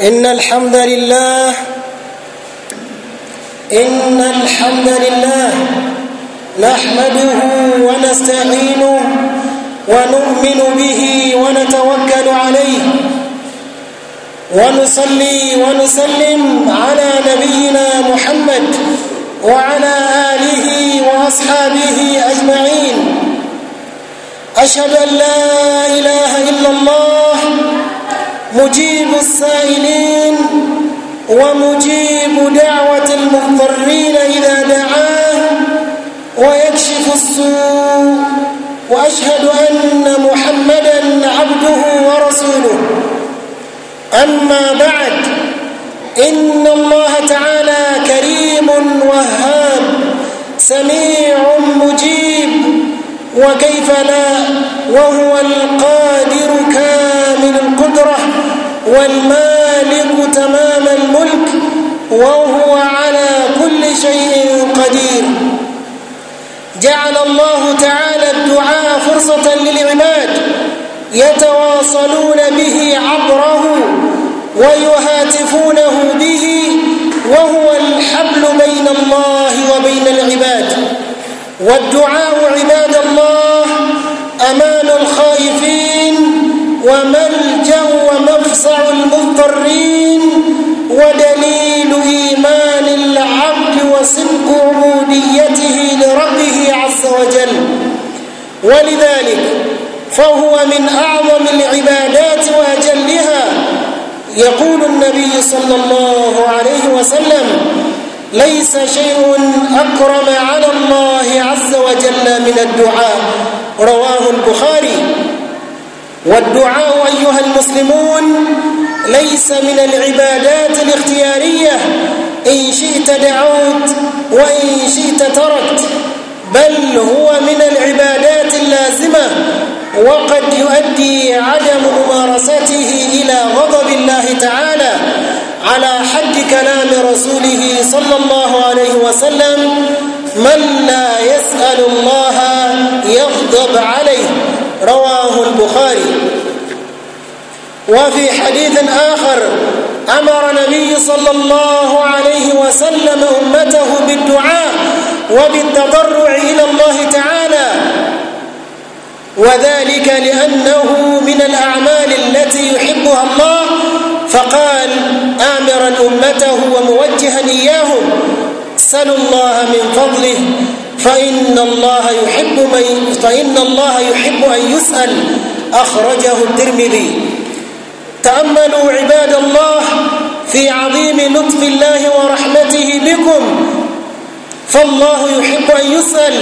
إن الحمد لله إن الحمد لله نحمده ونستعينه ونؤمن به ونتوكل عليه ونصلي ونسلم على نبينا محمد وعلى آله وأصحابه أجمعين أشهد أن لا إله إلا الله مجيب السائلين ومجيب دعوة المضطرين إذا دعاه ويكشف السوء وأشهد أن محمدا عبده ورسوله أما بعد إن الله تعالى كريم وهاب سميع مجيب وكيف لا وهو القادر كان والمالك تمام الملك وهو على كل شيء قدير جعل الله تعالى الدعاء فرصة للعباد يتواصلون به عبره ويهاتفونه به وهو الحبل بين الله وبين العباد والدعاء عباد الله أمان الخائفين وملجأ ينفع المضطرين ودليل إيمان العبد وصدق عبوديته لربه عز وجل ولذلك فهو من أعظم العبادات وأجلها يقول النبي صلى الله عليه وسلم ليس شيء أكرم على الله عز وجل من الدعاء رواه البخاري والدعاء أيها المسلمون ليس من العبادات الاختيارية إن شئت دعوت وإن شئت تركت بل هو من العبادات اللازمة وقد يؤدي عدم ممارسته إلى غضب الله تعالى على حد كلام رسوله صلى الله عليه وسلم من لا يسأل الله يغضب عليه وفي حديث آخر أمر النبي صلى الله عليه وسلم أمته بالدعاء وبالتضرع إلى الله تعالى وذلك لأنه من الأعمال التي يحبها الله فقال آمرا أمته وموجها إياهم سلوا الله من فضله فإن الله يحب من فإن الله يحب أن يسأل أخرجه الترمذي تأملوا عباد الله في عظيم لطف الله ورحمته بكم فالله يحب أن يسأل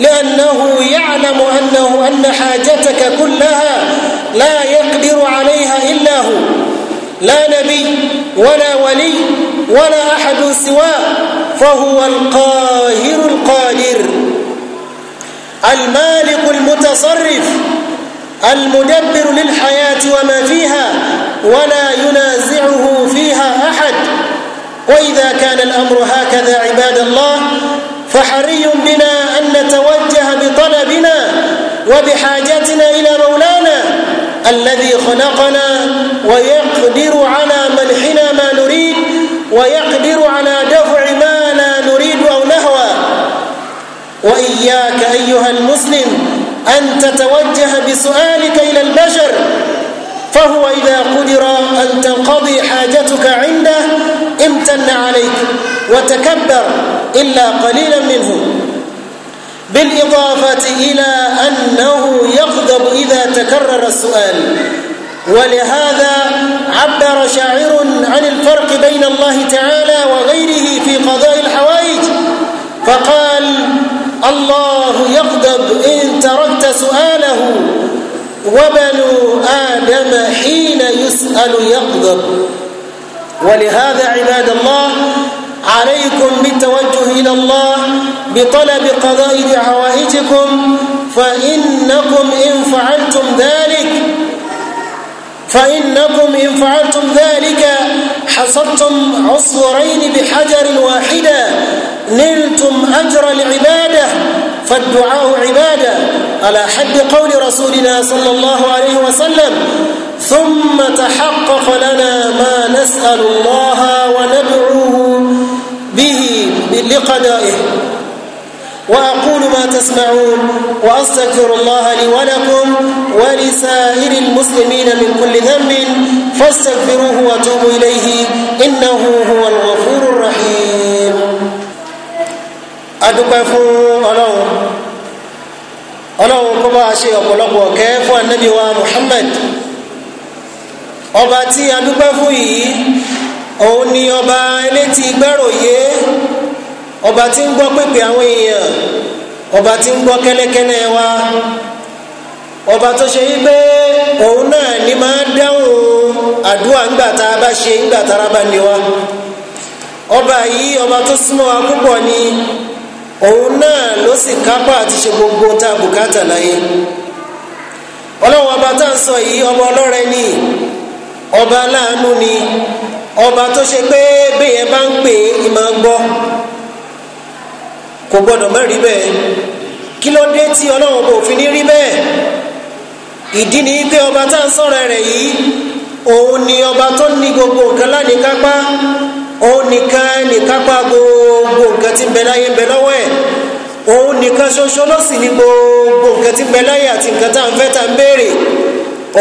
لأنه يعلم أنه أن حاجتك كلها لا يقدر عليها إلا هو لا نبي ولا ولي ولا أحد سواه فهو القاهر القادر المالك المتصرف المدبر للحياة وما فيها ولا ينازعه فيها أحد وإذا كان الأمر هكذا عباد الله فحري بنا أن نتوجه بطلبنا وبحاجتنا إلى مولانا الذي خلقنا ويقدر على منحنا ما نريد ويقدر على دفع ما لا نريد أو نهوى وإياك أيها المسلم أن تتوجه بسؤالك إلى البشر فهو إذا قدر أن تنقضي حاجتك عنده امتن عليك وتكبر إلا قليلا منه بالإضافة إلى أنه يغضب إذا تكرر السؤال ولهذا عبر شاعر عن الفرق بين الله تعالى وغيره في قضاء الحوائج فقال الله يغضب إن تركت سؤاله وبنو آدم حين يسأل يغضب ولهذا عباد الله عليكم بالتوجه إلى الله بطلب قضاء دعوائجكم فإنكم إن فعلتم ذلك فإنكم إن فعلتم ذلك حصدتم عصورين بحجر واحدة نلتم أجر العبادة فالدعاء عبادة على حد قول رسولنا صلى الله عليه وسلم ثم تحقق لنا ما نسأل الله وندعوه به لقدائه وأقول ما تسمعون وأستغفر الله لي ولكم ولسائر المسلمين من كل ذنب فاستغفروه وتوبوا إليه إنه هو الغفور الرحيم أدقفوا الله الله كما شيء أقول كيف النبي ومحمد ọba tí a dúpẹ́ fún yìí òun ni ọba elétí gbẹ́ròyé ọba tí ń gbọ́ pépè àwọn èèyàn ọba tí ń gbọ́ kẹ́lẹ́kẹ́lẹ́ wa ọba tó ṣe yí pé òun náà ni máa dáhùn àdúrà ńgbà tá a bá ṣe ńgbà tára bá ní wa ọba yìí ọba tó súnmọ́ wa púpọ̀ ni òun náà ló sì kápá àti ṣe gbogbo tá a bùkátà láyé ọlọ́run ọba tá à sọ yìí ọba ọlọ́rẹ ni ọba aláàánú ni ọba tó ṣe pé bẹ́ẹ̀ bá ń pè é ìmọ̀ gbọ́. kò gbọ́dọ̀ má rí bẹ́ẹ̀ kí ló dé tí ọlọ́run kò fi ní rí bẹ́ẹ̀ ìdí ni pé ọba tá à sọ̀rọ̀ rẹ̀ yìí òun ni ọba tó ní gbogbo nǹkan lánìkápá òun nìkan nìkápá gbogbo nǹkan tí bẹ láyé bẹ lọ́wọ́ ẹ̀ òun nìkan ṣoṣo ló sì ní gbogbo nǹkan tí bẹ láyé àti nǹkan tá à fẹ́ tá à béèrè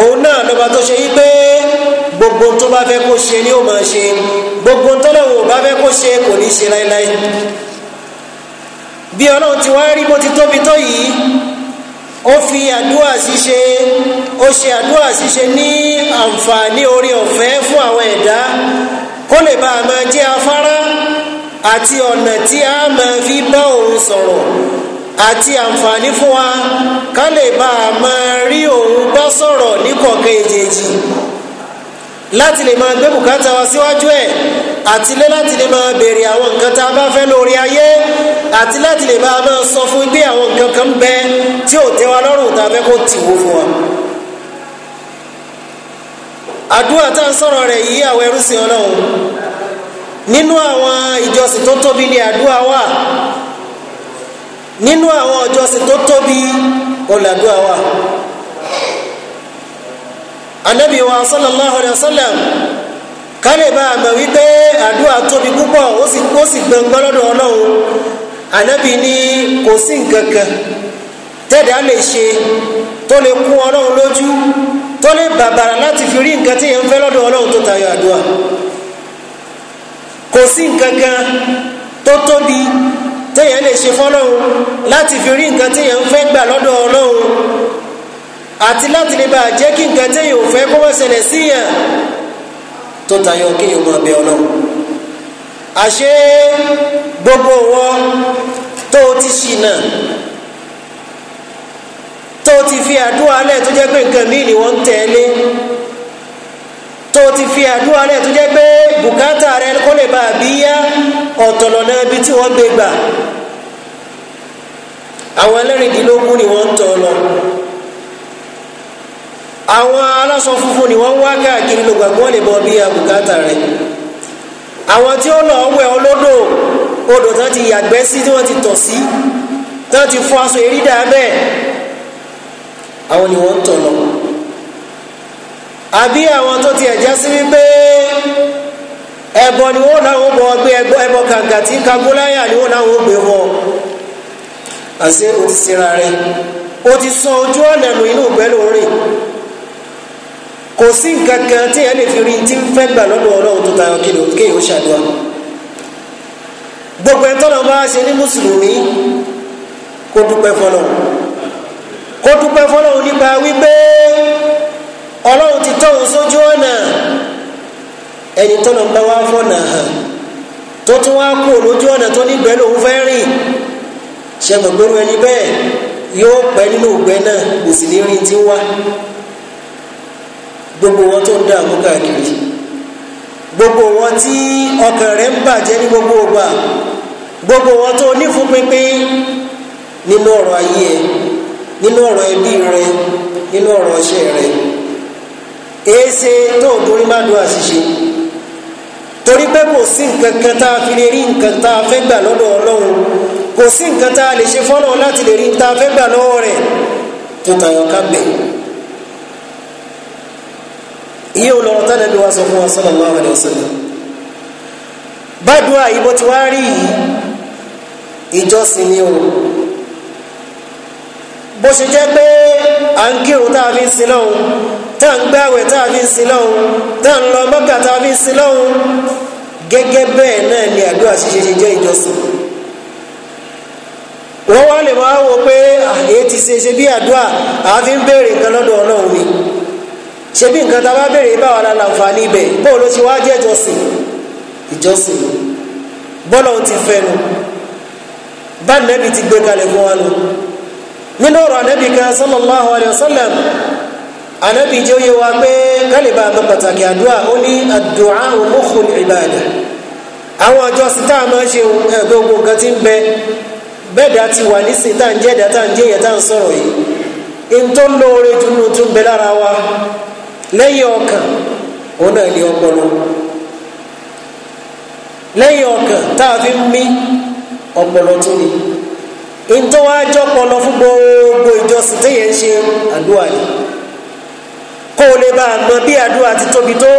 òun náà lọ́ba tó ṣe yí pé gbogbo tó bá fẹ́ kó ṣe ni ó máa ṣe gbogbo tó lọ́wọ́ bá fẹ́ kó ṣe kò ní ṣe láéláé bí ọlọ́run ti wá rí bó ti tóbi tó yìí ó fi àdúrà ṣíṣe ó ṣe àdúrà ṣíṣe ní àǹfààní orí ọ̀fẹ́ fún àwọn ẹ̀dá kó lè bá a máa jẹ́ afárá àti ọ̀nà tí a máa fi bá òun sọ̀rọ̀ àti àǹfààní fún wa ká lè bá a máa rí òun bá sọ̀rọ̀ ní kọ̀ọ̀kan èjèèjì láti lè máa gbé bùkátà wa síwájú ẹ̀ àti lé láti lè máa béèrè àwọn nǹkan tá a bá fẹ́ lórí ayé àti láti lè máa máa sọ fún pé àwọn nǹkan kan bẹ tí ò tẹ́ wa lọ́rùn tá a fẹ́ kó tì wó fún wa. àdúrà tá a sọ̀rọ̀ rẹ̀ yìí àwọn ẹrú sí ọlọ́run nínú àwọn ìjọsìn tó tóbi ni àdúrà wà nínú àwọn ìjọsìn tó tóbi ọ̀làdúrà wà anabi wa sallallahu alayhi wa sallam kálí bá a mọ̀ wípé àdúrà tóbi púpọ̀ ó sì ó sì gbẹngbọ́n lọ́dọ̀ ọlọ́run anabi ní kò sí nǹkan kan tẹ́ẹ̀dá lè ṣe tó lè kún ọlọ́run lójú tó lè bàbàrà láti fi rí nǹkan tí yẹn ń fẹ́ lọ́dọ̀ ọlọ́run tó tayọ àdúrà kò sí nǹkan kan tó tóbi téèyàn lè ṣe fọlọ́run láti fi rí nǹkan téèyàn ń fẹ́ gbà lọ́dọ̀ ọlọ́run àti láti lè bá a jẹ́ kí nǹkan téèyàn ò fẹ́ kó wọ́n ṣẹlẹ̀ sí yàn tó tayọ kéèyàn máa bẹ ọlọ́run àṣé gbogbo wọn tó o ti ṣìnà tó o ti fi àdúrà lẹ̀ tó jẹ́ pé nǹkan míì ni wọ́n ń tẹ̀lé tó o ti fi àdúrà lẹ̀ tó jẹ́ pé bùkátà rẹ kó lè bá a bí yá ọ̀tọ̀lọ̀ náà ibi tí wọ́n gbé gbà àwọn ẹlẹ́rìndínlógún ni wọ́n ń tọ́ lọ àwọn aláṣọ funfun ni wọ́n ń wá káàkiri ló gbàgbọ́ lè bọ́ bí abùkátà rẹ̀ àwọn tí ó lọ wẹ̀ olódò odò tán ti yàgbẹ́ sí tí wọ́n ti tọ̀ sí tán ti fọ aṣọ èrí dáa bẹ́ẹ̀ àwọn ni wọ́n ń tọ̀ àbí àwọn tó ti ẹ̀já sí wípé ẹbọ ni wọn làwọn bọ ọgbẹ ẹbọ ẹbọ kàǹkà tí kagoláyà ni wọn làwọn gbé wọ àṣé o ti sinra rẹ o ti sọ ojú ọ̀nà nù inú ìgbẹ́ lòórìn. kò sí nǹkan kan tí yẹn lè fi rí tí ń fẹ́ gbà lọ́dọ̀ ọlọ́run tó tayọ kí gbogbo bá ṣe ní mùsùlùmí kó dúpẹ́ fọlọ́run kó dúpẹ́ fọlọ́run nípa wípé ọlọ́run ti tọ́ òun sójú ọ̀nà ẹni tọ́nà bá wá fọ̀nà hàn tó tún wá kú ọ̀nà tó lòun fẹ́ gbogbo wọn tó ń dààmú káàkiri gbogbo wọn tí ọkàn rẹ̀ ń bàjẹ́ ní gbogbo ògbà gbogbo wọn tó nífun pínpín nínú ọ̀rọ̀ ayé ẹ nínú ọ̀rọ̀ ẹbí rẹ nínú ọ̀rọ̀ iṣẹ́ rẹ èéṣe tó ń torí má dùn àṣìṣe torí pé kò sí nǹkan kan tá a fi lè rí nǹkan tá a fẹ́ gbà lọ́dọ̀ ọlọ́run kò sí nǹkan tá a lè ṣe fọ́nà láti lè rí nǹkan tá a fẹ́ gbà lọ́wọ́ rẹ̀ tó tayọ ká bẹ̀ iye olọ́rọ̀ tálẹ̀ bí wá sọ fún wa sallallahu alayhi wa sallam bádùn àyíbó tí wá rí yìí ìjọsìn ni o bó ṣe jẹ́ pé à ń kírun tá a fi ń sin lọ́hùn tá a ń gbàwẹ̀ tá a fi ń sin lọ́hùn tá a ń lọ mọ́kà tá a fi ń sin lọ́hùn gẹ́gẹ́ bẹ́ẹ̀ náà ni àdúrà ṣíṣe ṣe jẹ́ ìjọsìn wọ́n wá lè máa wò pé àyè ah, ti ṣe ṣe bí àdúrà àá fi ń béèrè nǹkan lọ́dọ̀ Ọlọ́run ni ṣebí nǹkan tá a bá béèrè báwa la láǹfààní ibẹ̀ bóun ló ti wá jẹ́ ìjọsìn ìjọsìn bọ́lá òun ti fẹ́ nu bá nẹ́bi ti gbé kalẹ̀ fún wa nu nínú ọ̀rọ̀ anẹ́bi kan sallallahu alayhi wa sallam anẹ́bi jẹ́ oyè wa pé kálíbà àmọ́ pàtàkì àdúrà ó ní àdúrà mukhul ibada àwọn ìjọsìn tá a máa ṣe ẹgbẹ́ ogun kan ti ń bẹ bẹ́ẹ̀ dá ti wà nísìnyí tá à ń jẹ́ dá tá ń jẹ́ yẹ tá à ń sọ̀rọ̀ yìí ntọ́ lóore dunu tún bẹ lára wa. lẹ́yìn ọkàn òun náà ní ọpọlọ lẹ́yìn ọkàn tá a fi ń mí ọpọlọ tó ni ntọ́wájọ́ ọpọlọ fún gbogbo ìjọsìn téèyàn ń ṣe àdúrà yìí kó o lè bá a mọ bí àdúrà ti tóbi tó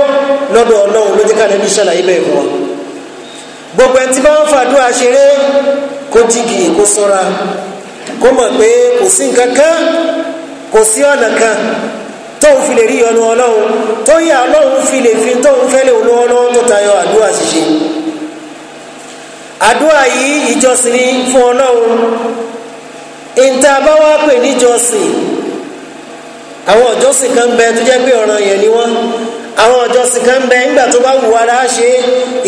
lọ́dọ̀ ọlọ́run ló jẹ́ ká lẹ́nu ṣàlàyé bẹ́ẹ̀ fún wa gbogbo ẹni tí bá ń fàdúrà ṣeré kó jìgì kó ṣọ́ra kó mọ̀ pé kò sí nǹkan kan kò sí ọ̀nà kan tóun fi lè rí ọnu ọlọ́run tóyẹ ọlọ́run fi lè fi tóun fẹ́lẹ̀ olú ọlọ́run tó tayọ àdúrà ṣíṣe àdúrà yìí ìjọsìn ni fún ọlọ́run ìta bá wá pè níjọsìn àwọn ìjọsìn kan bẹ tó jẹ́ pé ọ̀ràn yẹn ni wọ́n àwọn ìjọsìn kan bẹ nígbà tó bá wù wá láṣẹ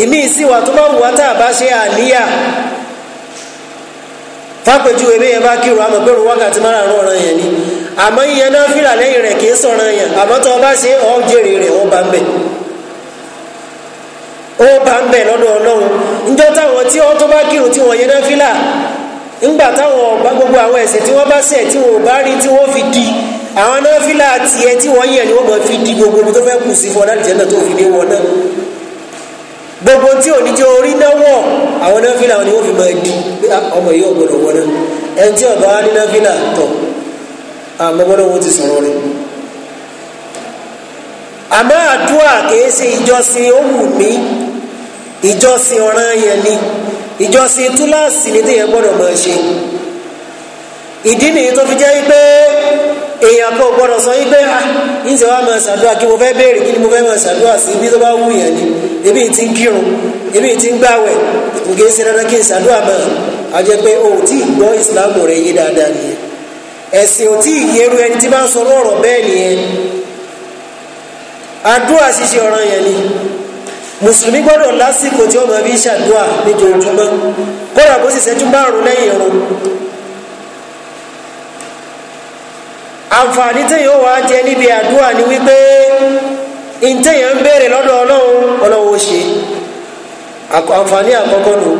ìmíì wà tó bá wù wá tá a bá ṣe àníyà tápẹ̀júwe bí yẹn bá kírun àmọ̀ pé wákàtí márùn-ún ọ̀ràn yẹn ni àmọ́ yíyan náà fìlà lẹ́yìn rẹ̀ kìí sọ̀ràn yẹn àmọ́ tó o bá ṣe ọ́ jèrè rẹ̀ ó bá ń bẹ̀ ó bá ń bẹ̀ lọ́dọ̀ ọlọ́run níjọ́ táwọn tí ó tó bá kírun tí wọ́n yẹn náà fìlà ńgbà táwọn ọba gbogbo àwọn ẹ̀ṣẹ̀ tí wọ́n bá ṣẹ̀ tí wọ́n bá rí tí wọ́n fi di àwọn náà fìlà tiẹ̀ tí wọ́n yẹ̀ ni wọ́n mọ̀ fi di gbogbo tó fẹ́ kù sí fún ọ gbogbo tí ò ní jẹ́ orí náwọ̀ àwọn náfìlà ni wọ́n fi máa di ah, ọmọ yìí ọ̀gbọ́dọ̀ wọlé ẹni tí ọ̀gá wa ní náfìlà tọ̀ àmọ́ wọn náà wọ́n ti sọ̀rọ̀ rẹ̀ àmọ́ àdúrà kìí ṣe ìjọsìn ó wù mí ìjọsìn ọ̀ràn yẹn ni ìjọsìn túláàsì ni téèyàn gbọ́dọ̀ máa ṣe ìdí nìyí tó fi jẹ́ pé. èèyàn kan ò gbọ́dọ̀ sọ ah, yín pé máa ṣàdúrà kí mo fẹ́ béèrè kí ni mo fẹ́ máa ṣàdúrà sí ibi tó bá wù yẹn ni ebi ti ń kírun ebi ti ń gbàwẹ̀ kò ṣe dandan kí n ṣàdúrà máa a jẹ pé o tí ì gbọ́ re rẹ yé dáadáa nìyẹn ẹ̀sìn ti tí ì yẹru ẹni tí bá ń sọ ọ̀rọ̀ bẹ́ẹ̀ nìyẹn àdúrà ṣíṣe ọ̀ràn ni mùsùlùmí gbọ́dọ̀ lásìkò tí ó máa ṣàdúrà àǹfààní téèyàn wà á jẹ níbi àdúrà ni wípé ntẹ̀yàn ń béèrè lọ́dọ̀ ọlọ́run ọlọ́run ó ṣe àǹfààní àkọ́kọ́ nù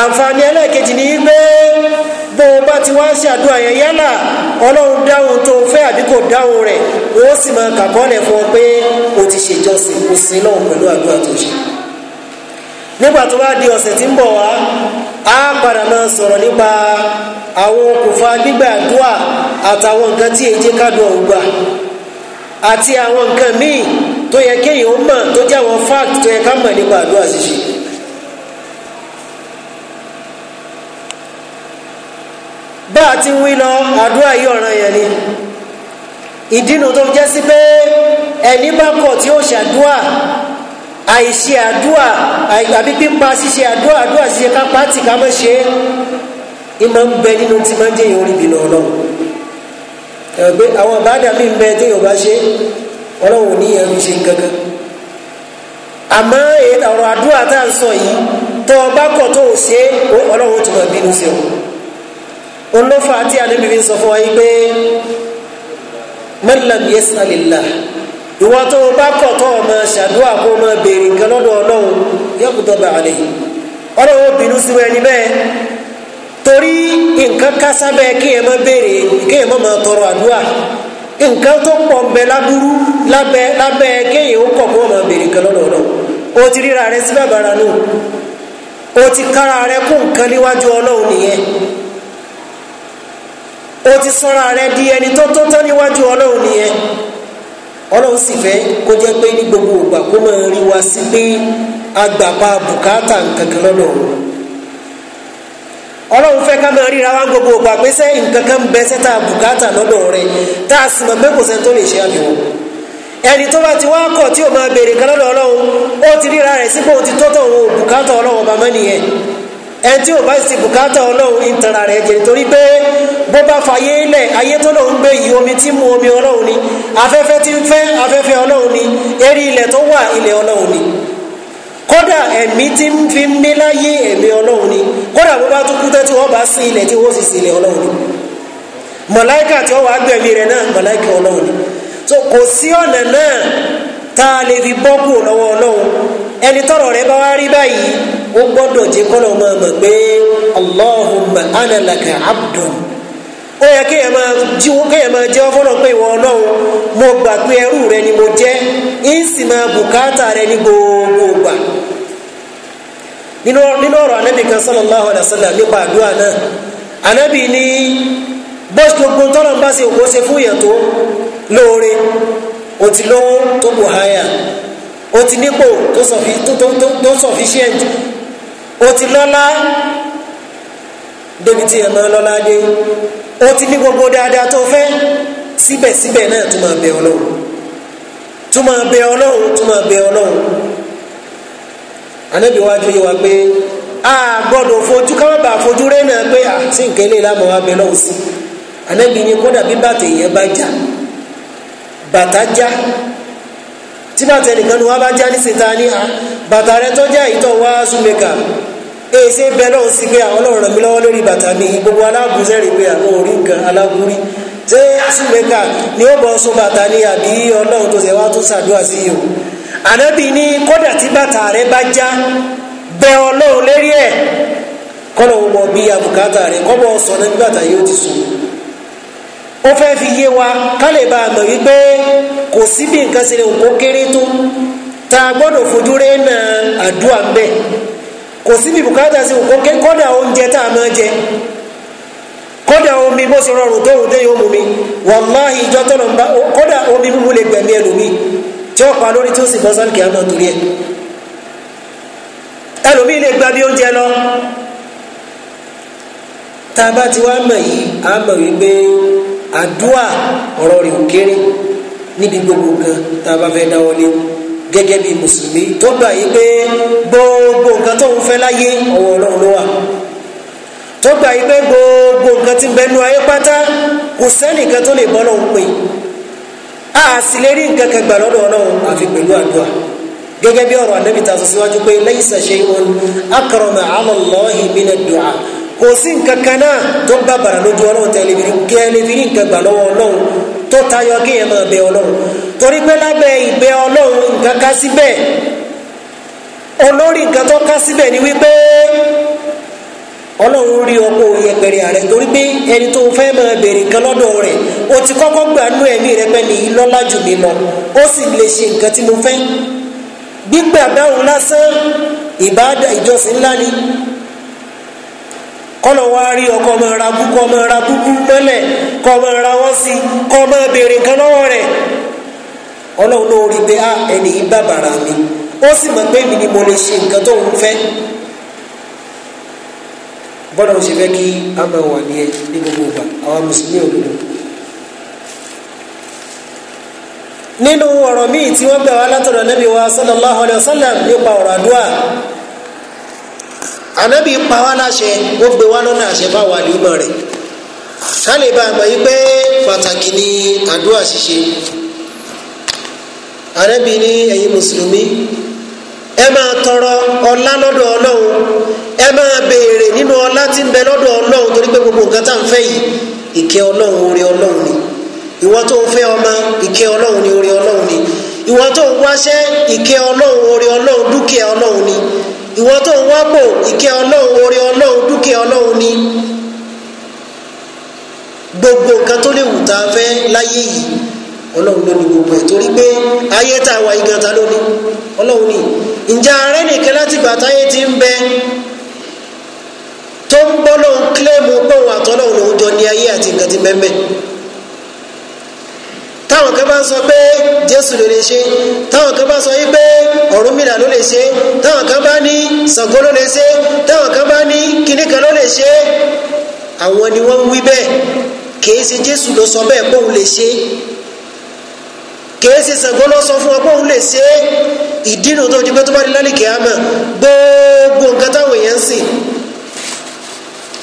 àǹfààní ẹlẹ́ẹ̀kejì ni wípé bó o bá ti wá ṣe àdúrà yẹn yálà ọlọ́run dáhùn tó o fẹ́ àbí kò dáhùn rẹ̀ o sì máa kàkọ́lẹ̀ fún ọ pé o ti ṣèjọsìn o sin lọ́hùn pẹ̀lú àdúrà tó ṣe nígbà tó bá di ọ̀sẹ̀ tí ń bọ̀ wá á padà máa sọ̀rọ̀ nípa àwọn okùnfà gbígbàdúà àtàwọn nǹkan tí èyí jẹ́ kádùn ọ̀gbà àti àwọn nǹkan míì tó yẹ kéèyàn ó mọ̀ tó jẹ́ àwọn fáàkì tó yẹ ká mọ̀ nípa àdúrà ṣíṣe. bá a ti ń wí lọ àdúrà yìí ọ̀ràn yẹn ni ìdínú tó jẹ́ sí pé ẹni bá kọ̀ tí ó ṣàdúrà àìṣe àdúà àbí pípa ṣíṣe àdúà àdúà ṣíṣe ká pàtì ká mọ̀ ṣe é ìmọ̀ ń bẹ nínú tí máa ń jẹ́yìn orí ìbìnà ọlọ́run ẹ̀gbẹ́ àwọn àbáàdà mi ń bẹ téèyàn bá ṣe ọlọ́run ò ní ẹ̀rù ṣe gangan àmọ́ e, ọ̀rọ̀ àdúà tá à ń sọ yìí tó o bá kọ̀ tó o ṣe ọlọ́run ó tún máa bínú sí o olófà àti àlébìbí sọ fún wa yìí pé man lam yas'alillah. ìwọ tó o bá kọ̀ tó o mọ ṣàdúrà kó o mọ béèrè nǹkan lọ́dọ̀ ọlọ́run yìí ọlọ́run ó bínú sí bẹ́ẹ̀ torí nǹkan kásá bẹ́ẹ̀ kí ẹ má béèrè kí ẹ má máa tọrọ àdúrà nǹkan tó pọ̀ ń bẹ lábúrú lábẹ́ lábẹ́ kéèyàn ó kọ̀ kó o mọ béèrè nǹkan lọ́dọ̀ ọlọ́run o ti ríra rẹ sí bàbá ara nù o ti kára rẹ kó nǹkan níwájú ọlọ́run nìyẹn o ti sọ́ra rẹ di ẹni tó tó tán níwájú ọlọ́run nìyẹn. ọlọ́run sì fẹ́ kó jẹ́ pé ní gbogbo ògbà kó máa rí wa sí pé agbàpá bùkátà lọ́dọ̀ òun ọlọ́run fẹ́ ká máa ríra wá gbogbo ògbà pé sẹ́ nkankan ń bẹ sẹ́ta bùkátà lọ́dọ̀ rẹ tá a sì pé kò ẹni tó bá ti wá kọ̀ tí o béèrè kan lọ́dọ̀ ó ti ríra rẹ̀ ti tó tọ̀ bùkátà ọlọ́run ẹni ò bá sì bùkátà ọlọ́run ń rẹ̀ jẹ nítorí pé bó bá omi tí mu omi ọlọ́run ni afẹ́fẹ́ tí ń fẹ́ afẹ́fẹ́ ọlọ́run ni eré ilẹ̀ tó wà ilẹ̀ ọlọ́run ni kódà ẹ̀mí tí ń fi mí láyé ẹ̀mí ọlọ́run ni kódà bó bá tún kú tẹ́tí wọ́n bá sí ilẹ̀ tí wọ́n sì sí ilẹ̀ ọlọ́run ni mọ̀láìkà tí wọ́n gbẹ̀mí rẹ̀ náà mọ̀láìkà ọlọ́run ó gbọ́dọ̀ jẹ́ kọ́lọ̀ máa mọ̀ pé allahumma ana laka abdun ó yẹ kéèyàn máa jíwó kéèyàn máa jẹ́ fọ́lọ́ pé ìwọ ọlọ́run mo gbà pé ẹrú rẹ ni mo jẹ́ ń sì máa bùkátà rẹ ní gbogbo gbà nínú ọ̀rọ̀ anábì kan sallallahu alaihi wasallam nípa àdúrà náà anábì ní bó gbogbo tọ́lọ̀ ń bá ṣe òkú ṣe fún èèyàn tó lóore o ti lówó tó bù háyà o ti nípò tó sọfíṣẹ́ǹtì ó ti lọ́lá débi tí ẹ̀mọ́ lọ́lá dé ó ti ní gbogbo dáadáa tó fẹ́ síbẹ̀síbẹ̀ náà tún máa bẹ ọlọ́run tún máa bẹ ọlọ́run tún máa bẹ ọlọ́run ànábì wa ju yìí wá pé a gbọ́dọ̀ fojú ká má bàa fojú rẹ̀ náà pé àti nǹkan eléyìí lámọ̀ wá bẹ lọ́wọ́ sí ànábì ni kódà bí bàtà èèyàn bá já bàtà já tí bàtà ẹnìkan ni wọ́n bá já ní sèta ní a bàtà rẹ tó ìtọ̀ wá súnmẹ́kà èsè bẹ lọ́wọ́ sí pé àwọn ọlọ́run ràn mí lọ́wọ́ lórí bàtà mi gbogbo aláàbùsẹ̀ rí pé àwọn orí nǹkan alágúrí ṣé ni ó bọ́ sún bàtà ni àbí ọlọ́run tó ṣe wá tó ṣàdúrà sí yìí o ànábì ní kódà tí bàtà rẹ bá já bẹ ọlọ́run lérí ẹ̀ kọ́nà ó mọ bí abùkátà rẹ kọ́ bọ́ sọ ní bàtà yóò ti sùn ó fẹ́ fi yé wa ká bá a mọ̀ wípé kò sí bí nǹkan ṣe lè kó kéré tó gbọ́dọ̀ fojú rẹ́ náà àdúrà bẹ́ẹ̀ kò síbi bùkátà sí òkò kọ́dà oúnjẹ tá a máa jẹ kódà omi bó ṣe rọrùn tóorùn dé yóò mú mi wàláhì ìjọ tọ́nà ń bá kódà omi mímú lè gbẹ̀mí ẹlòmíì tí ó pa lórí tí ó sì bọ́ sálùkì àmọ́ torí ẹ̀ ẹlòmíì lè gba bí oúnjẹ lọ tá a bá ti wá mọ̀ yìí a mọ̀ wípé àdúà ọ̀rọ̀ rẹ̀ ò kéré níbi gbogbo gan tá a bá fẹ́ dáwọ́ léwu gẹ́gẹ́ bí mùsùlùmí tó gbà yí pé gbogbo nǹkan tó ń fẹ́ láyé ọwọ́ ọlọ́run ló wà tó gbà yí pé gbogbo nǹkan tí ń bẹnu ayé pátá kò sẹ́nìkan tó lè bọ́ lọ́hùn pé a sì lè rí nǹkan kan gbà lọ́dọ̀ ọlọ́run àfi pẹ̀lú àdúrà gẹ́gẹ́ bí ọ̀rọ̀ Ànábì ta sọ síwájú pé laysa shay'un akrama 'ala Allahi min ad-du'a kò sí nǹkan kan náà tó bá bàrà lójú ọlọ́run tẹlifíní nǹkan gbà lọ́wọ́ ọlọ́run tó tayọ kéèyàn máa bẹ ọlọ́run torí pé lábẹ́ ìgbẹ́ ọlọ́run nǹkan ká síbẹ̀ olórí nǹkan tó ká síbẹ̀ ni wípé ọlọ́run rí ọkọ yẹpẹrẹ rẹ̀ torí pé ẹni tó fẹ́ máa béèrè nǹkan lọ́dọ̀ rẹ̀ o ti kọ́kọ́ gbà nú ẹ̀mí rẹ pẹ́ ní lọ́lá jù mí lọ ó sì lè ṣe nǹkan tí mo fẹ́ gbígbà dáhùn lásán ìbáàdà ìjọsìn ńlá ni kọ́nà rí ọkọ ọmọ ra ọmọ ra kọ́ ọmọ ra wọ́n sí kọ́ ọmọ nǹkan lọ́wọ́ rẹ̀ ọlọ́run ló rí pé ah, ẹni yìí bàbàrà mi ó sì mọ̀ pé èmi ni mo lè ṣe nǹkan tó ń fẹ́ bọ́dọ̀ ṣe fẹ́ kí a máa wà ní ẹ ní gbogbo ìgbà àwọn mùsùlùmí òdodo. nínú ọ̀rọ̀ míì tí wọ́n gbà wá látọ̀dọ̀ anábì wa sallallahu alayhi wa sallam nípa ọ̀rọ̀ àdúrà anábì pa wá láṣẹ ó gbé wá lọ́nà àṣẹ fáwọn àlùmọ̀ rẹ̀ ká lè bá a yí pé pàtàkì ni àdúrà ṣíṣe. ànábì ní ẹ̀yin mùsùlùmí ẹ máa tọrọ ọlá lọ́dọ̀ ọlọ́run ẹ máa béèrè nínú ọlá tí ń bẹ lọ́dọ̀ ọlọ́run torí pé gbogbo nǹkan tá à ń fẹ́ yìí ìkẹ́ ọlọ́run orí ọlọ́run ni ìwọ tó ń fẹ́ ọmọ ìkẹ́ ọlọ́run ni orí ọlọ́run ni ìwọ tó ń wáṣẹ́ ìkẹ́ ọlọ́run orí ọlọ́run dúkìá ọlọ́run ni ìwọ ni gbogbo ọlọ́run ló ní gbogbo ẹ̀ torí pé ayé tá a wà yìí gata ló ní ọlọ́run ní ǹjẹ́ ààrẹ nìkan láti gbà táyé ti ń bẹ tó ń bọ́ lóun kílẹ̀mù pọ̀hún àtọ́lọ́run lòún jọ ní ayé àti nǹkan ti bẹ́ẹ̀ táwọn kan bá sọ pé jésù ló lè ṣe táwọn kan bá sọ yí pé ọ̀rúnmìlà ló lè ṣe táwọn kan bá ní ṣàngó ló lè ṣe táwọn kan bá ní kìnìkan ló lè ṣe àwọn ni wọ́n wí bẹ́ẹ̀ kì í ṣe jésù ló sọ bẹ́ẹ̀ pé òun lè ṣe é kìí ṣe Ṣàngó lọ sọ fún wa pé òun lè ṣe é ìdínà tó di pé tó bá di lálẹ́ kìámà gbogbo nǹkan táwọn èèyàn ń sìn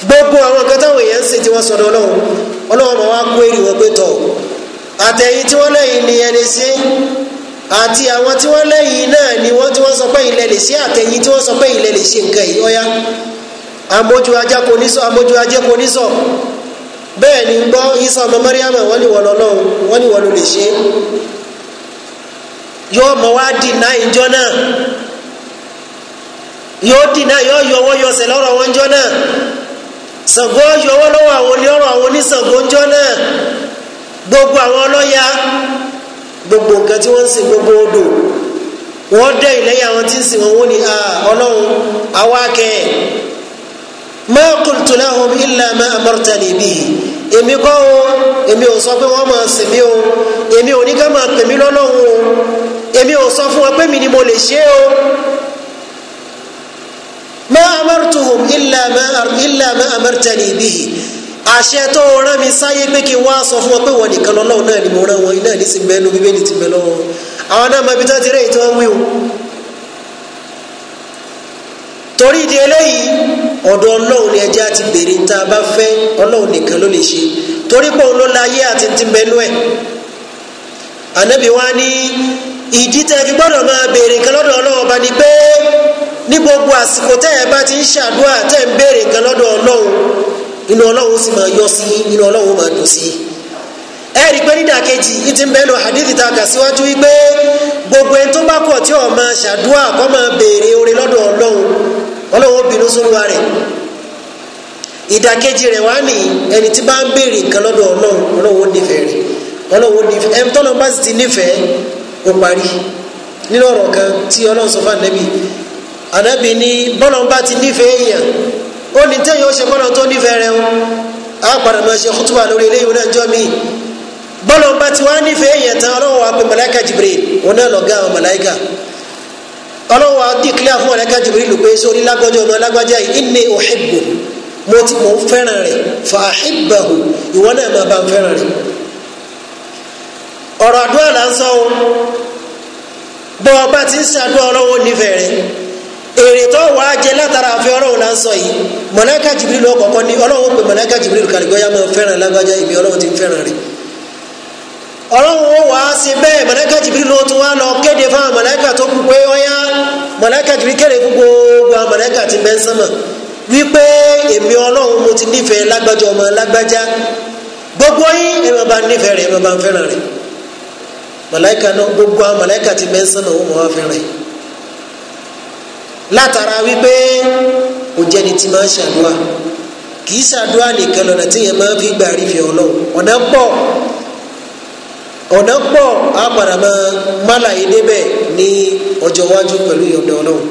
gbogbo àwọn nǹkan táwọn èèyàn ń sìn tí wọ́n sọ̀dọ̀ ọlọ́run ọlọ́run máa wá kó èrè wọn pé tọ̀ àtẹ̀yìn tí wọ́n lẹ́yìn ni ẹni sí àti àwọn tí wọ́n lẹ́yìn náà ni wọ́n tí wọ́n sọ pé ilẹ̀ lè ṣe àtẹ̀yìn tí wọ́n sọ pé ilẹ̀ lè ṣe nǹkan yìí ọ̀yá amójú ajá kò ní sọ amójú ajé kò ní sọ bẹ́ẹ̀ ni gbọ́ Ìsá ọmọ Màríyámà wọ́n ní wọ́n lọ́lọ́run wọ́n ní wọ́n ló lè ṣe é yóò mọ wá dìnnà ìjọ náà yóò dìnnà yóò yọ owó yọsẹ lọ́rọ̀ wọn jọ náà Ṣàngó yọ owó lọ́wọ́ àwọn oníọ̀rọ̀ àwọn oníṣàngó jọ náà gbogbo àwọn ọlọ́yà gbogbo nǹkan tí wọ́n ń sìn gbogbo odò wọ́n dẹ̀ ìlẹ́yìn àwọn tí ń sìn wọn wọ́n ní ọlọ́run awákẹ́ ma qultu lahum illa ma amartani bihi èmi kọ́ o èmi ò sọ pé wọ́n máa sìn mí o èmi ò ní ká máa pè mí lọ́lọ́run o èmi ò sọ fún wọn pé mi ni mo lè ṣe o ma amartuhum illa ma illa ma amartani bihi àṣẹ tó rán mi sáyé pé kí n wá sọ fún wọn pé wọn nìkan lọ́lọ́run náà ni mo rán wọn iná ní sí bẹ́ẹ̀ bíbélì ti bẹ́ẹ̀ lọ́wọ́ àwọn náà mọ ibi tó ti rẹ́ èyí tó o torí ìdí eléyìí ọ̀dọ̀ ọlọ́run ni ẹja ti bèrè ń ta bá fẹ́ ọlọ́run nìkan ló lè ṣe torí pé òun ló la ayé àti ti bẹ́ẹ̀ nú anabi wa ni ìdí tẹ́ fi gbọ́dọ̀ máa béèrè nǹkan lọ́dọ̀ Ọlọ́run bá ní pé ní gbogbo àsìkò tẹ́ ẹ bá ti ń ṣàdúrà tẹ́ ń béèrè nǹkan lọ́dọ̀ Ọlọ́run inú Ọlọ́run sì máa yọ sí inú Ọlọ́run máa dùn sí ẹ rí i pé nídàkejì ní ti ń bẹ́ẹ̀ lọ hadithi ta kà síwájú wípé gbogbo ẹni tó bá kọ̀ tí ò máa ṣàdúrà kó máa béèrè oore lọ́dọ̀ Ọlọ́run Ọlọ́run bínú sóluwa rẹ̀ ìdàkejì rẹ̀ wá ní ẹni tí bá ń béèrè nǹkan lọ́dọ̀ Ọlọ́run Ọlọ́run ó nífẹ̀ẹ́ rẹ̀ ọlọ́wọ́ ní ẹni tọ́lọ́ bá sì ti nífẹ̀ẹ́ ó parí nínú ọ̀rọ̀ kan tí ọlọ́run sọ fún ànábì ànábì ní bọ́lọ̀ bá ti nífẹ̀ẹ́ èèyàn ó ní téèyàn ó ṣe bọ́lọ̀ tó nífẹ̀ẹ́ rẹ̀ ń á padà máa ṣe kútùbà lórí eléyìí náà jọ́ mi bọ́lọ̀ bá ti wá nífẹ̀ẹ́ èèyàn tán ọlọ́run wàá pe màláìka jìbìrì òun náà lọ́ọ́ gá àwọn màláìka ọlọ́run wàá dìklẹ́ fún màláìka jìbìrì lù pé sórí lágbájọ́ ọmọ lágbájá yìí fa ahibbahu ìwọ náà máa ọ̀rọ̀ àdúrà là ń sọ o ọba ti ń ṣàdúrà ọlọ́wọ́ nífẹ̀ẹ́ èrè tó wà á jẹ látara àfẹ́ ọlọ́wọ́ là ń sọ yìí mọ̀lẹ́kà jìbìrì lọ kọ̀ọ̀kan ní ọlọ́wọ́ pé mọ̀lẹ́kà jìbìrì kàlùkọ́yà máa fẹ́ràn lágbájá ti ń rẹ wà á lọ tún lọ kéde tó kú pé ọyá gbogbo àwọn màláìka náà gbogbo àwọn màláìka ti bẹ́ẹ̀ sánmà wọ́n mọ̀ wá fẹ́ rẹ̀ látara wípé kò jẹ́ni tí máa ṣàdúrà kì í ṣàdúrà nìkan lọ́nà tí yẹn máa fi gbà rí fi ọlọ́run ọ̀nà pọ̀ ọ̀nà pọ̀ á padà máa málàyé débẹ̀ ní ọjọ́ iwájú pẹ̀lú ìyọ̀dọ̀ ọlọ́run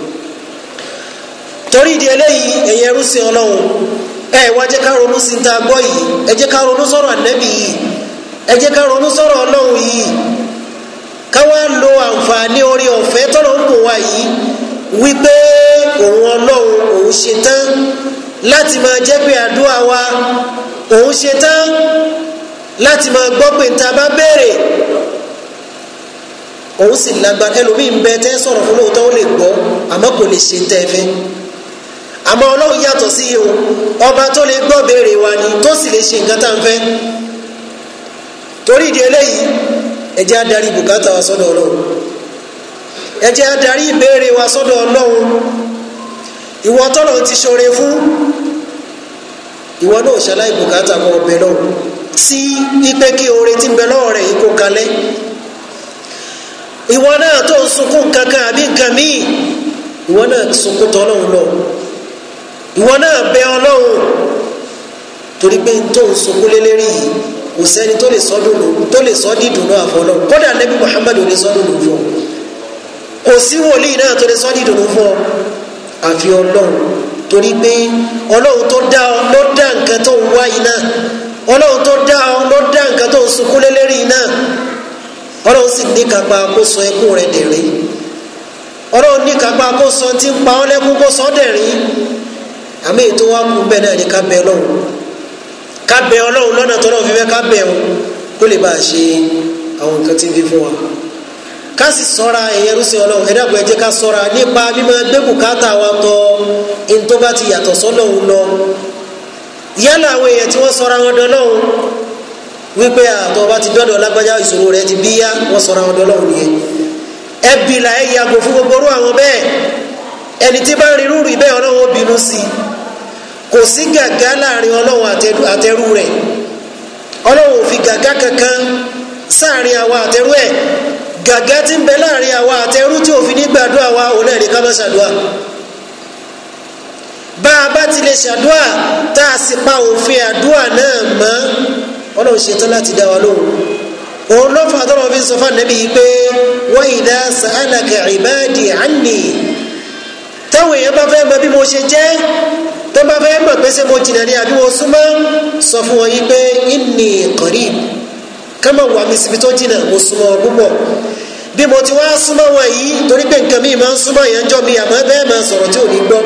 torí ìdí eléyìí ẹ̀yẹ rúṣin ọlọ́run ẹ wá jẹ́ ká ronú sí ta gbọ́ yìí ẹ jẹ́ ká ronú sọ̀rọ̀ ànẹ́bì yìí ẹ jẹ́ ká ronú sọ̀rọ̀ ọlọ́run yìí káwá lo àǹfààní orí ọ̀fẹ́ tọ́lọ̀ ń bò wá yìí wípé òun ọlọ́run òun ṣe tán láti máa jẹ́ pé àdúrà wa òun ṣe tán láti máa gbọ́ pé níta bá béèrè òun sì lágbára ẹlòmíín bẹ tẹ́ sọ̀rọ̀ fún lóòótọ́ ó lè gbọ́ àmọ́ kò lè ṣe ń tẹ́ fẹ́ àmọ́ ọlọ́run yàtọ̀ sí o ọba tó lè gbọ́ béèrè wa ni tó sì lè ṣe nǹkan tá à ń fẹ́ torí ìdí eléyìí ẹ jẹ́ adarí bùkátà wa sọ́dọ̀ ọlọ́run ẹ jẹ́ adarí ìbéèrè wa sọ́dọ̀ ọlọ́run ìwọ tọ́lọ̀ ti ṣoore fún ìwọ náà ṣaláì bùkátà kọ ọbẹ̀ náà sí ipe kí oore ti ń bẹ lọ́wọ́ rẹ̀ kó kalẹ̀ ìwọ náà tó ń sunkún kankan àbí nǹkan míì ìwọ náà sunkún tọ́ ọlọ́run lọ ìwọ náà bẹ ọlọ́run torí pé tó ń sunkún lélẹ́rìí yìí kò sẹ́ni tó lè sọ dùnú tó lè sọ dídùnú àfọlọ́ kódà nẹ́bí Muhammad ò lè sọ dùnú fún kò sí wòlíì náà tó lè sọ dídùnú fún àfi Ọlọ́run torí pé Ọlọ́run tó dá ọ ló dá nǹkan tó ń wá yìí náà Ọlọ́run tó dá ọ ló dá nǹkan tó ń sunkún lé yìí náà Ọlọ́run sì ní kápá kó sọ rẹ Ọlọ́run ní kápá kó sọ ti ń pa ọ lẹ́kún kó sọ àmì ètò wa ká bẹ ọlọ́run lọ́nà tó náà fi fẹ́ ká bẹ ọ kó lè bá a ṣe àwọn nǹkan tí ń fi fún wa ká sì sọ́ra ẹ̀yẹ rúṣẹ́ ọlọ́run ẹ dàgbọ́ ẹ jẹ́ ká sọ́ra nípa mímọ ẹgbẹ́ bùkátà wa tọ ẹni tó bá ti yàtọ̀ sọ́lọ́run lọ yálà àwọn èèyàn tí wọ́n sọ́ra wọn dọ́lọ́run wípé àtọ̀ bá ti dọ́dọ̀ lágbájá ìṣòro rẹ ti bíyá wọ́n sọ́ra wọn dọ́lọ́run nìyẹn ẹbí là ẹ yàgò àwọn bẹ́ẹ̀ ẹni tí bá rí rúurú bẹ́ẹ̀ ọlọ́run ó sí i kò sí gàgá láàrin ọlọ́run àtẹrú rẹ̀ ọlọ́run ò fi gàgá kankan sáàrin àwa àtẹrú ẹ̀ gàgá tí ń bẹ láàrin àwa àtẹrú tí ò fi ní gbàdúrà wa òun náà ní ká má ṣàdúrà bá a bá ti lè ṣàdúrà tá a sì pa òfin àdúrà náà mọ́ ọlọ́run ṣetán láti dá wa lóhùn òun ló fà tọrọ fi sọ fún ànábì yìí pé wa idha sa'alaka ibadi anni táwọn èèyàn bá fẹ́ mọ bí mo ṣe jẹ́ tó bá fẹ́ mọ̀ pé ṣé mo jìnnà ní àbí mo súnmọ́ sọ fún wọn yìí pé inni qarib kámọ̀ wà mí síbi tó jìnnà mo súnmọ́ wọn púpọ̀ bí mo ti wá súnmọ́ wọn yìí torí pé nǹkan mi máa ń súnmọ́ yẹn jọ mi àmọ́ bẹ́ẹ̀ máa sọ̀rọ̀ tí ò ní gbọ́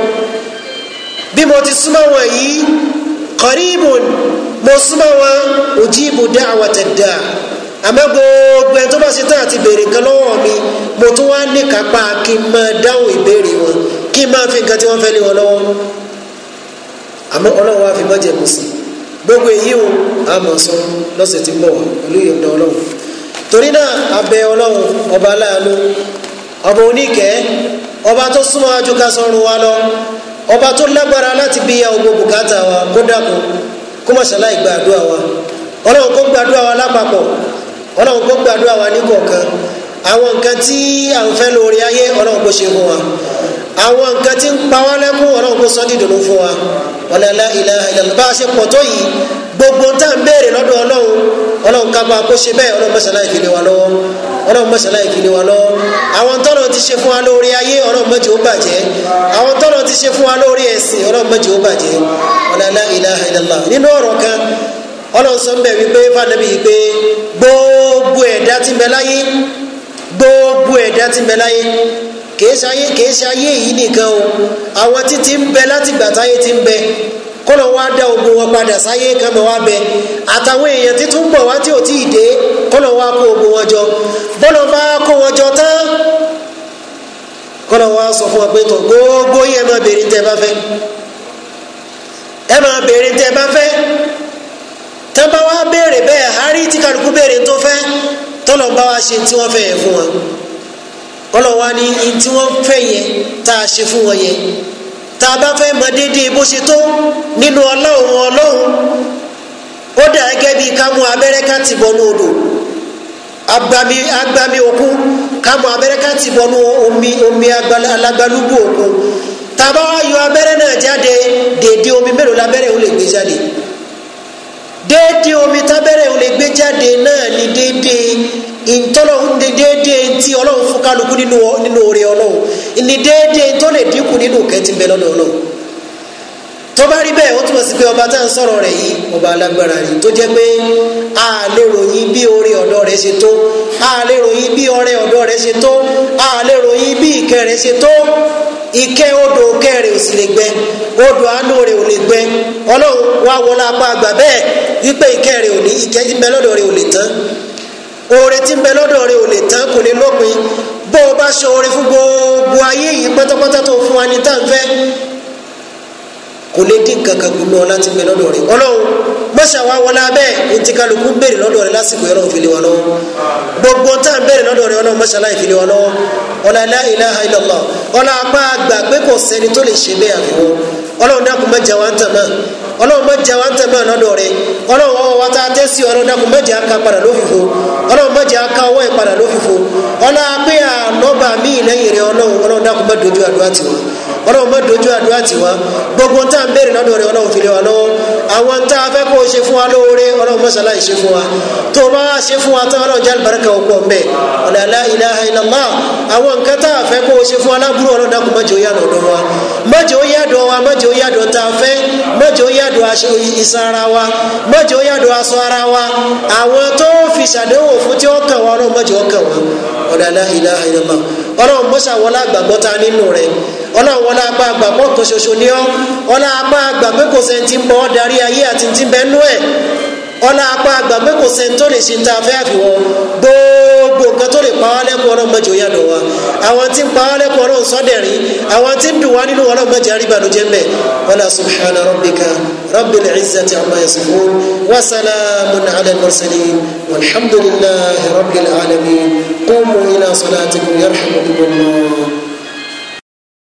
bí mo ti súnmọ́ wọn yìí qaribun mo súnmọ́ wọn ujibu da'watad da' àmọ́ gbogbo ẹni tó bá ṣe tán àti béèrè nǹkan lọ́wọ́ mi mo tún wá níkàápá kí n máa dáhùn ìbéèrè wọn kí n máa fi nǹkan tí wọ́n fẹ́ lé wọn lọ́wọ́ àmọ́ ọlọ́run wá fi mọ́jẹ kù sí gbogbo èyí o àmọ̀ sọ lọ́sẹ̀ tí ń bọ̀ pẹ̀lú ìyọ̀ǹda ọlọ́run torí náà abẹ ọlọ́run ọba aláàánú ọba oníkẹ́ ọba tó súnmọ́ ajúká wa lọ ọba tó lágbára láti bí ya gbogbo bùkátà wa kó dàpọ̀ kó mọ̀ṣálá ìgbàdúrà wa ọlọ́run kó gbàdúrà wa lápapọ̀ ọlọ́run kó gbàdúrà wa ní kọ̀ọ̀kan àwọn nǹkan tí à àwọn nǹkan tí ń pa wọ́n lẹ́kún ọlọ́run kó sọ́dí ìdùnnú fún wa wala la ilaha bá ṣe pọ̀ tó yìí gbogbo tá à ń béèrè lọ́dọ̀ ọlọ́run ọlọ́run ká bá a kó ṣe bẹ́ẹ̀ ọlọ́run mọ̀ṣálá ìfìlẹ̀ wa lọ́wọ́ ọlọ́run mọ̀ṣálá ìfìlẹ̀ wa lọ́wọ́ àwọn tọ́lọ̀ ti ṣe fún wa lórí ayé ọlọ́run mọ̀jì ó bàjẹ́ àwọn tọ́lọ̀ ti ṣe fún wa lórí ẹ̀sìn ọlọ́run mọ̀jì ó bàjẹ́ wala kìí ṣayé kìí yìí nìkan o àwọn títí ń bẹ láti gbà ti ń bẹ kọlọ wa da ogun wọn padà sáyé kàmọ wa bẹ àtàwọn èèyàn títún bọ̀ wá tí ò tí ì dé kọlọ wa kó ogun wọn jọ bọlọ bá kó wọn jọ tán kọlọ wa sọ fún wa pé tó gbogbo yẹn máa béèrè tẹ́ bá fẹ́ ẹ máa béèrè tẹ́ bá fẹ́ tẹ́ wa béèrè bẹ́ẹ̀ harí tí kálukú béèrè tó fẹ́ tọlọ bá wa ṣe tí fún wa. ọlọ́run wa ní in tí wọ́n fẹ́ yẹn tá a ṣe fún wọn yẹn tá a bá fẹ́ mọ déédéé bó ṣe tó nínú ọlọ́run ọlọ́run ó dà gẹ́gẹ́ bíi ká mú abẹ́rẹ́ ká ti bọnú odò agbami agbami ká mú abẹ́rẹ́ ká ti bọnú omi omi alágbálúgbò òkun tá a bá wá yọ abẹ́rẹ́ náà jáde déédéé omi mélòó labẹ́rẹ́ ò lè gbé jáde déédéé omi tábẹ́rẹ́ ò lè gbé jáde náà ni déédéé ìtọ́lọ̀ ń de déédéé ntí ọlọ́run fún kálukú nínú oore ọlọ́run ìní déédéé tó dínkù nínú kẹ́tì ń bẹ lọ́dọ̀ rí bẹ́ẹ̀ ó túmọ̀ sí pé ọba tá à ń sọ̀rọ̀ rẹ̀ yìí ọba alágbára rẹ̀ tó jẹ́ pé a ròyìn bí oore rẹ̀ ṣe tó ròyìn bí ọrẹ ọ̀dọ̀ rẹ̀ ṣe tó a ròyìn bí ìkẹ́ rẹ̀ ṣe tó ìkẹ́ odò ìkẹ́ ò sì lè oore tí ń bẹ lọ́dọ̀ rẹ ò lè tán kò o bá ṣe oore fún gbogbo ayé yìí pátápátá tó fún wa ní tá à ń kò lè dín kankan gbogbo bẹ rẹ wa wọlé rẹ lásìkò wà gbogbo tá n ń béèrè rẹ ọlọ́run mọ́ṣá wà lọ́wọ́ ọlá ilá ilá ilọ̀lọ́ ọlá apá àgbà pé kò tó lè ṣe ọlọ́run má jẹ́ wọn tẹ̀ mọ́ lọ́dọ̀ rẹ ọlọ́run ọwọ́ wa tá a tẹ́ sí ọlọ́run dákun má jẹ́ aka padà lófìfo ọlọ́run má jẹ́ aka ọwọ́ yẹn padà lófìfo ọlọ́run apẹ́ ànọ́bà míì lẹ́yìn rẹ ọlọ́run ọlọ́run dákun má àdúrà tiwọn ọlọ́run má àdúrà tiwọn gbogbo tá à ń béèrè lọ́dọ̀ rẹ ọlọ́run fi lé lọ́wọ́ àwọn tá a fẹ́ kó o ṣe fún wa lóore ọlọ́run mọ́sálá yìí ṣe fún wa tó o bá wá ṣe fún wa tán ọlọ́run jáde baraka ọ̀pọ̀ mbẹ́ ọ̀làlá ilaha illallah àwọn nǹkan tá a fẹ́ kó o ṣe fún wa lábúrò ọlọ́run mọ́jọ yá dọ̀ wa mọ́jọ yá dọ̀ wa mọ́jọ yá dọ̀ tá a fẹ́ mọ́jọ yá dọ̀ aṣọ iṣan ara wa mọ́jọ yá dọ̀ aṣọ ara wa àwọn tó fi ṣàdéhùn fún tí ó kàn wá ọlọ́run mọ́jọ kàn wá ọ̀làlá ilaha illallah ọlọ́run ọlá apá àgbà pọ̀ kan ṣoṣo ni ọ́ ọlá apá àgbà pé kò sẹ́ni tí ń bọ́ darí ayé àti ti bẹ́ẹ̀ nú ẹ̀ ọlá apá àgbà pé kò sẹ́ni tó lè ṣe ta fẹ́ àfihàn gbogbo nǹkan tó lè pa wá lẹ́kùn ọlọ́mọdé òyà lọ wa àwọn tí ń pa wá lẹ́kùn ọlọ́run sọ́dẹ̀rín àwọn tí ń dùn wá nínú ọlọ́mọdé àríbànújẹ́ mbẹ́ wàlá subhana rabbika rabbil izzati amma yasifun wa salamun ala al-mursalin walhamdulillahi rabbil alamin qumu ila salatikum yarhamukumullah.